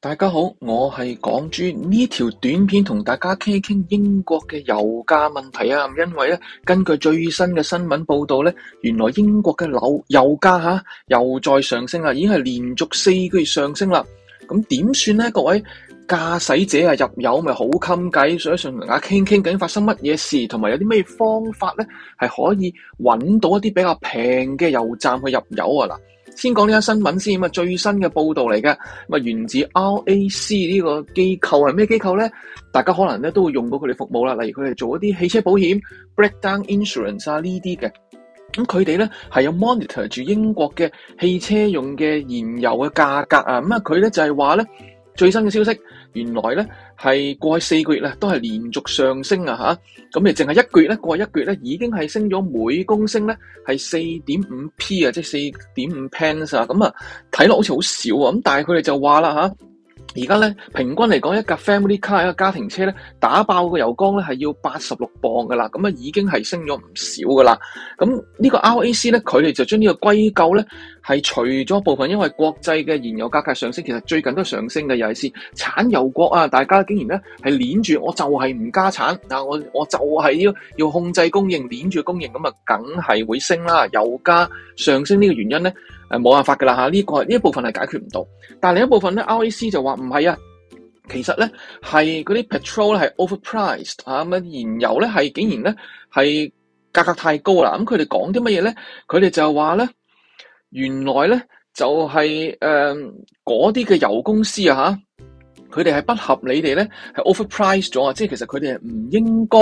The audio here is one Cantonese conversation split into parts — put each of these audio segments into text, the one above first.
大家好，我係港豬。呢條短片同大家傾一傾英國嘅油價問題啊，因為咧根據最新嘅新聞報道咧，原來英國嘅油油價吓又再上升啦，已經係連續四個月上升啦。咁點算咧？各位駕駛者啊，入油咪好襟計，所以想同阿傾傾究竟發生乜嘢事，同埋有啲咩方法咧係可以揾到一啲比較平嘅油站去入油啊嗱。先講呢家新聞先，咁啊，最新嘅報道嚟嘅，咁啊源自 RAC 呢個機構係咩機構咧？大家可能咧都會用到佢哋服務啦，例如佢哋做一啲汽車保險 breakdown insurance 啊、嗯、呢啲嘅，咁佢哋咧係有 monitor 住英國嘅汽車用嘅燃油嘅價格啊，咁啊佢咧就係話咧最新嘅消息。原來咧係過去四個月咧都係連續上升啊嚇，咁你淨係一個月咧過去一個月咧已經係升咗每公升咧係四點五 p 啊，即係四點五 pence 啊，咁啊睇落好似好少啊，咁但係佢哋就話啦嚇而家咧，平均嚟講，一架 family car，一個家庭車咧，打爆個油缸咧，係要八十六磅噶啦。咁啊，已經係升咗唔少噶啦。咁呢個 RAC 咧，佢哋就將呢個歸咎咧，係除咗部分，因為國際嘅燃油價格上升，其實最近都上升嘅。又係先產油國啊，大家竟然咧係捻住，我就係唔加產，嗱，我我就係要要控制供應，捻住供應，咁啊，梗係會升啦，油價上升呢個原因咧。誒冇辦法㗎啦嚇，呢、呢個呢一部分係解決唔到，但另一部分咧，RAC 就話唔係啊，其實咧係嗰啲 petrol 咧係 overpriced 嚇，咁啊燃油咧係竟然咧係價格太高啦，咁佢哋講啲乜嘢咧？佢哋就話咧，原來咧就係誒嗰啲嘅油公司啊嚇，佢哋係不合理地咧係 overpriced 咗啊，即係其實佢哋唔應該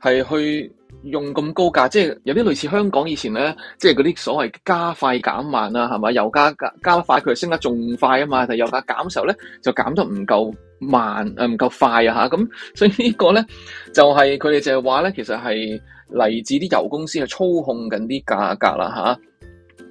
係去，用咁高價，即係有啲類似香港以前咧，即係嗰啲所謂加快減慢啊，係咪？油價加加快佢升得仲快啊嘛，但油價減嘅時候，咧，就減得唔夠慢，唔夠快啊，咁所以個呢個咧就係佢哋就係話咧，其實係嚟自啲油公司去操控緊啲價格啦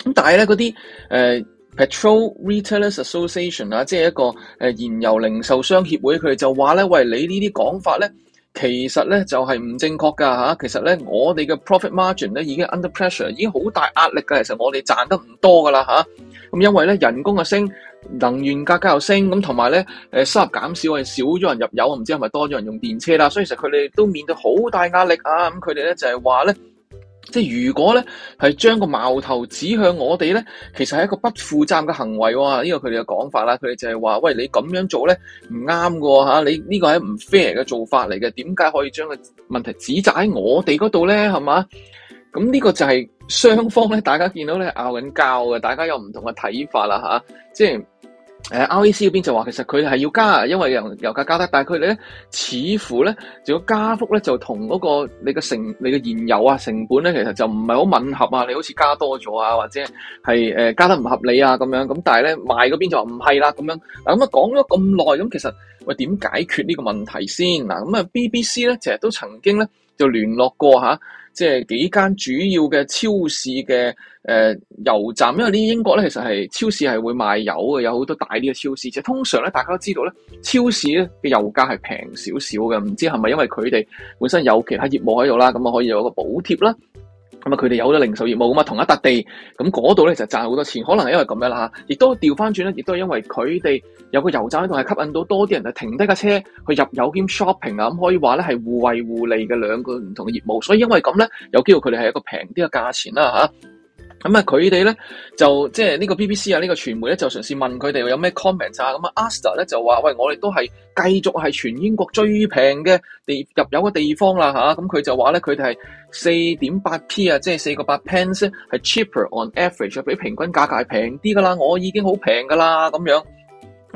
吓，咁但係咧嗰啲、呃、Petrol Retailers Association 啊，即係一個誒燃油零售商協會，佢哋就話咧：喂，你呢啲講法咧。其實咧就係、是、唔正確噶吓、啊，其實咧我哋嘅 profit margin 咧已經 under pressure，已經好大壓力㗎。其實我哋賺得唔多噶啦吓，咁、啊、因為咧人工嘅升，能源價格又升，咁同埋咧誒收入減少，我哋少咗人入油，唔知係咪多咗人用電車啦，所以其實佢哋都面對好大壓力啊。咁佢哋咧就係話咧。即係如果咧，係將個矛頭指向我哋咧，其實係一個不負責嘅行為喎。呢個佢哋嘅講法啦，佢哋就係話：喂，你咁樣做咧唔啱嘅吓，你呢個係唔 fair 嘅做法嚟嘅。點解可以將個問題指責喺我哋嗰度咧？係嘛？咁呢個就係雙方咧，大家見到咧，拗緊交嘅，大家有唔同嘅睇法啦。吓，啊，即係。RAC 嗰邊就話其實佢係要加，因為油油價加得，但係佢哋咧似乎咧，仲要加幅咧，就同嗰、嗰個你個成你嘅燃油啊成本咧，其實就唔係好吻合啊！你好似加多咗啊，或者係、呃、加得唔合理啊咁樣。咁但係咧，賣嗰邊就話唔係啦咁樣。咁啊講咗咁耐，咁其實喂點解決呢個問題先嗱？咁啊 BBC 咧，其實都曾經咧就聯絡過嚇。即係幾間主要嘅超市嘅誒、呃、油站，因為呢啲英國咧其實係超市係會賣油嘅，有好多大啲嘅超市。即係通常咧，大家都知道咧，超市咧嘅油價係平少少嘅，唔知係咪因為佢哋本身有其他業務喺度啦，咁啊可以有個補貼啦。咁啊，佢哋有咗零售業務咁啊，同一笪地，咁嗰度咧就賺好多錢，可能係因為咁樣啦吓，亦都調翻轉咧，亦都係因為佢哋有個油站喺度，係吸引到多啲人啊，停低架車去入油兼 shopping 啊，咁可以話咧係互惠互利嘅兩個唔同嘅業務。所以因為咁咧，有機會佢哋係一個平啲嘅價錢啦吓。咁、就是、啊，佢哋咧就即係呢個 BBC 啊，呢個傳媒咧就嘗試問佢哋有咩 comment 啊。咁啊，Aster 咧就話：「喂，我哋都係繼續係全英國最平嘅地入油嘅地方啦吓，咁、啊、佢就話：「咧，佢哋係四點八 p 啊，即、就、係、是、四個八 pence 係、啊、cheaper on average 比平均價格係平啲噶啦，我已經好平噶啦咁樣。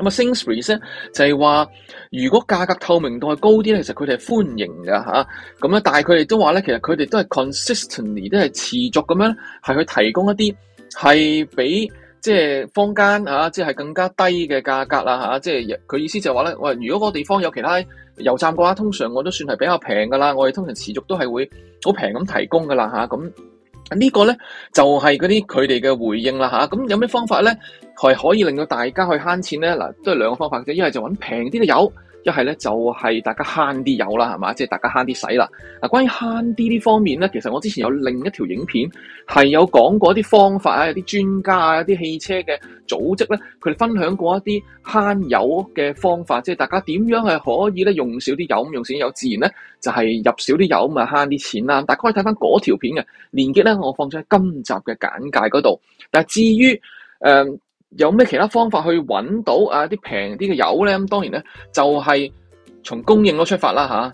咁啊 Sainsbury 咧就係、是、話，如果價格透明度係高啲咧，其實佢哋係歡迎噶吓，咁、啊、咧，但係佢哋都話咧，其實佢哋都係 consistently 都係持續咁樣係去提供一啲係比即係、就是、坊間即係、啊就是、更加低嘅價格啦吓，即係佢意思就係話咧，喂，如果個地方有其他油站嘅話，通常我都算係比較平噶啦，我哋通常持續都係會好平咁提供噶啦吓，咁、啊。呢個咧就係嗰啲佢哋嘅回應啦吓，咁有咩方法咧係可以令到大家去慳錢咧？嗱，都係兩個方法啫，找一係就揾平啲嘅油。一係咧就係、是、大家慳啲油啦，係嘛？即係大家慳啲使啦。嗱，關於慳啲呢方面咧，其實我之前有另一條影片係有講過一啲方法啊，啲專家啊，啲汽車嘅組織咧，佢哋分享過一啲慳油嘅方法，即係大家點樣係可以咧用少啲油咁用少，油，就是、少油，自然咧就係入少啲油咪慳啲錢啦。大家可以睇翻嗰條片嘅連結咧，我放咗喺今集嘅簡介嗰度。但係至於誒。呃有咩其他方法去揾到啊啲平啲嘅油咧？咁當然咧就係從供應都出發啦吓。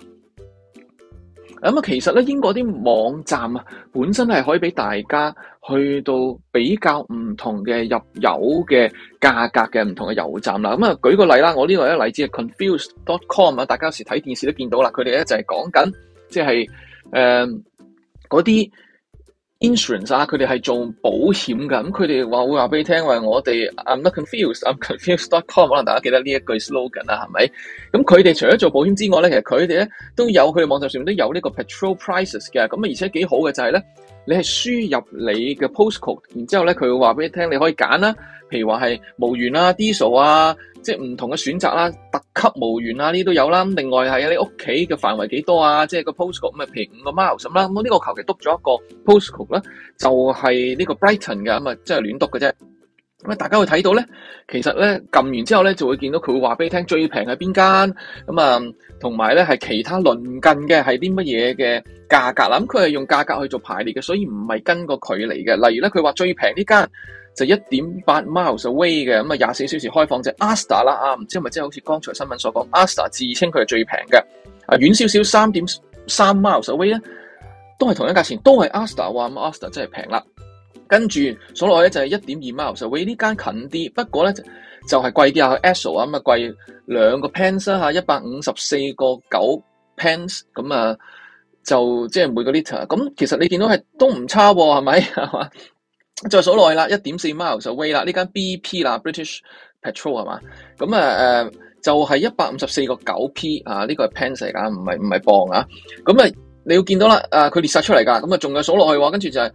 咁啊，其實咧英國啲網站啊，本身係可以俾大家去到比較唔同嘅入油嘅價格嘅唔同嘅油站啦。咁啊，舉個例啦，我呢個咧例子係 confused.com 啊，大家有時睇電視都見到啦，佢哋咧就係講緊即係誒嗰啲。就是呃 Insurance 啊，佢哋係做保險噶咁佢哋話會話俾你聽，喂，我哋 I'm not confused, I'm confused.com，可能大家記得呢一句 slogan 啦，係咪？咁佢哋除咗做保險之外咧，其實佢哋咧都有佢哋網站上面都有呢個 petrol prices 嘅，咁啊而且幾好嘅就係咧。你係輸入你嘅 postcode，然之後咧佢會話俾你聽，你可以揀啦。譬如話係無鉛啊、diesel 啊，即係唔同嘅選擇啦，特級無鉛啊呢啲都有啦。另外係你屋企嘅範圍幾多啊？即係個 postcode 咁啊，譬如五個 mile 咁啦。咁我呢個求其篤咗一個 postcode 啦，就係呢個 Brighton 嘅咁啊，即係亂篤嘅啫。咁大家會睇到咧，其實咧撳完之後咧，就會見到佢會話俾你聽最平係邊間，咁、嗯、啊，同埋咧係其他鄰近嘅係啲乜嘢嘅價格啦。咁佢係用價格去做排列嘅，所以唔係跟個距離嘅。例如咧，佢話最平呢間就一點八 miles away 嘅，咁啊廿四小時開放啫。就是、Asta 啦啊，唔知係咪即係好似剛才新聞所講，Asta 自稱佢係最平嘅，啊遠少少三點三 miles away 咧，都係同一價錢，都係 Asta 話，咁 Asta 真係平啦。跟住，數落去咧就係一點二 mile。就喂，呢間近啲，不過咧就就係貴啲啊。Esso 啊，咁啊貴兩個 pence 嚇，一百五十四個九 pence。咁啊，就即係每個 liter。咁其實你見到係都唔差喎，係咪？係嘛。再數落去啦，一點四 mile 就喂啦。呢間 BP 啦，British Patrol 係嘛。咁啊誒，就係一百五十四個九 p 啊，呢個係 pence 嚟噶，唔係唔係磅啊。咁啊，你要見到啦，啊佢列曬出嚟噶。咁啊，仲有數落去喎，跟住就係。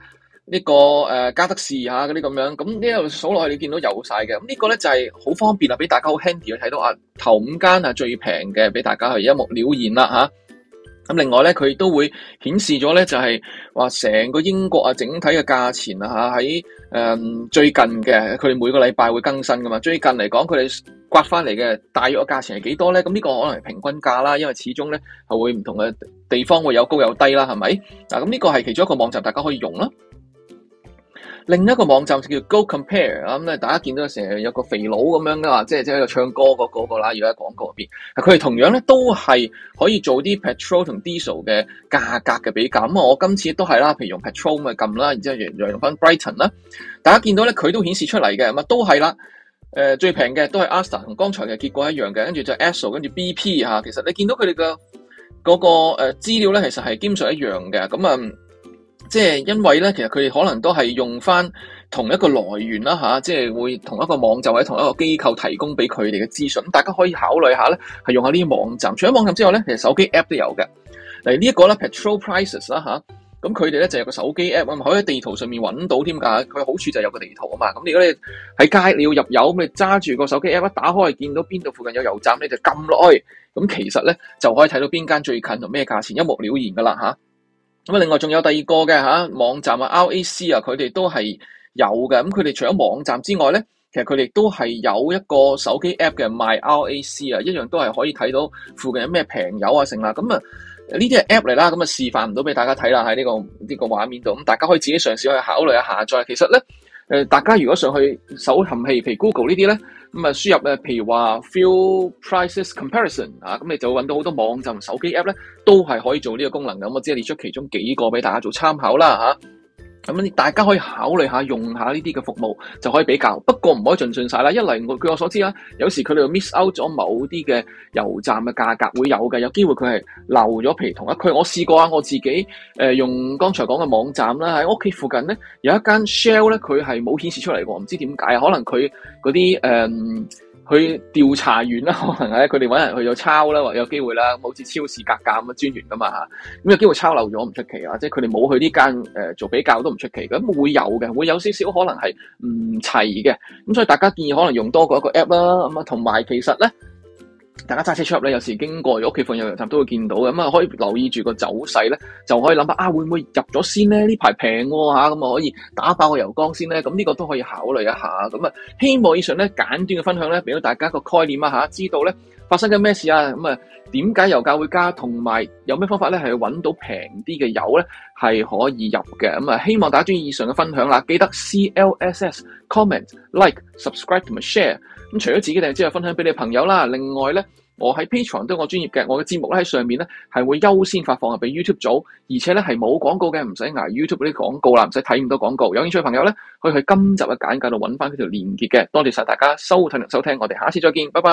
呢、這個誒、呃、加德士啊嗰啲咁樣，咁呢度數落去你見到有晒嘅，咁、這個、呢個咧就係、是、好方便啊，俾大家好 handy 去睇到啊，頭五間啊最平嘅，俾大家係一目了然啦吓，咁、啊啊、另外咧，佢都會顯示咗咧，就係話成個英國啊整體嘅價錢啊，喺誒、嗯、最近嘅，佢哋每個禮拜會更新噶嘛。最近嚟講，佢哋刮翻嚟嘅大約嘅價錢係幾多咧？咁、啊、呢、這個可能係平均價啦，因為始終咧係會唔同嘅地方會有高有低啦，係咪？嗱咁呢個係其中一個網站，大家可以用啦。另一個網站叫 Go Compare 咁咧，大家見到成日有個肥佬咁樣嘅話，即係即係喺度唱歌嗰、那個啦，而家廣告入邊，佢哋同樣咧都係可以做啲 petrol 同 diesel 嘅價格嘅比較。咁啊，我今次都係啦，譬如用 petrol 咪撳啦，然之後又用用翻 Brighton 啦，大家見到咧佢都顯示出嚟嘅，咁啊都係啦，誒、呃、最平嘅都係 Asda，同剛才嘅結果一樣嘅，跟住就 Esso 跟住 BP 嚇，其實你見到佢哋嘅嗰個資資料咧，其實係基本上一樣嘅，咁、嗯、啊。即係因為咧，其實佢哋可能都係用翻同一個來源啦，吓、啊，即係會同一個網站或者同一個機構提供俾佢哋嘅資訊。大家可以考慮下咧，係用下呢啲網站。除咗網站之外咧，其實手機 app 都有嘅。嚟呢一個咧，Petrol Prices 啦，吓，咁佢哋咧就有個手機 app，咁、啊、喺地圖上面揾到添噶。佢好處就係有個地圖啊嘛。咁如果你喺街你要入油，咁你揸住個手機 app 一打開，見到邊度附近有油站，你就撳落去。咁其實咧就可以睇到邊間最近同咩價錢，一目了然噶啦，吓、啊。咁啊，另外仲有第二個嘅嚇網站啊，RAC 啊，佢哋都係有嘅。咁佢哋除咗網站之外咧，其實佢哋都係有一個手機 app 嘅，my RAC 啊，一樣都係可以睇到附近有咩平油啊，成啦。咁啊，呢啲 app 嚟啦，咁啊示範唔到俾大家睇啦，喺呢個呢個畫面度。咁大家可以自己嘗試去考慮一下下載其實咧、呃，大家如果上去搜尋器譬如 Google 呢啲咧。咁啊，輸入誒，譬如話 fuel prices comparison，啊，咁你就揾到好多網站、手機 app 咧，都係可以做呢個功能嘅。咁我只係列出其中幾個俾大家做參考啦，吓、啊。咁大家可以考慮下用下呢啲嘅服務就可以比較。不過唔可以盡信晒啦，一嚟我據我所知啦，有時佢哋 miss out 咗某啲嘅油站嘅價格會有嘅，有機會佢係漏咗譬如同一區。我試過啊，我自己、呃、用剛才講嘅網站啦，喺屋企附近咧有一間 Shell 咧，佢係冇顯示出嚟喎，唔知點解啊，可能佢嗰啲誒。佢調查完啦，可能係佢哋揾人去咗抄啦，或者有機會啦，好似超市格價咁嘅專員㗎嘛嚇，咁有機會抄漏咗唔出奇啊，即係佢哋冇去呢間誒、呃、做比較都唔出奇嘅，咁會有嘅，會有少少可能係唔齊嘅，咁所以大家建議可能用多過一個 app 啦，咁啊同埋其實咧。大家揸車出入咧，有時經過屋企附近油站都會見到嘅，咁啊可以留意住個走勢咧，就可以諗下啊，會唔會入咗先咧？呢排平喎吓，咁啊可以打爆個油缸先咧，咁呢個都可以考慮一下。咁啊，希望以上咧簡短嘅分享咧，俾到大家個概念啊吓，知道咧。發生緊咩事啊？咁啊，點解油價會加同？同埋有咩方法咧？係揾到平啲嘅油咧，係可以入嘅。咁啊，希望大家鍾意以上嘅分享啦。記得 C L S S comment like subscribe 同埋 share。咁除咗自己嘅之後分享俾你朋友啦。另外咧，我喺 Patreon 都有我專業嘅，我嘅節目咧喺上面咧係會優先發放入俾 YouTube 組，而且咧係冇廣告嘅，唔使捱 YouTube 嗰啲廣告啦，唔使睇咁多廣告。有興趣嘅朋友咧，可以喺今集嘅簡介度揾翻佢條連結嘅。多謝晒大家收睇同收聽，我哋下次再見，拜拜。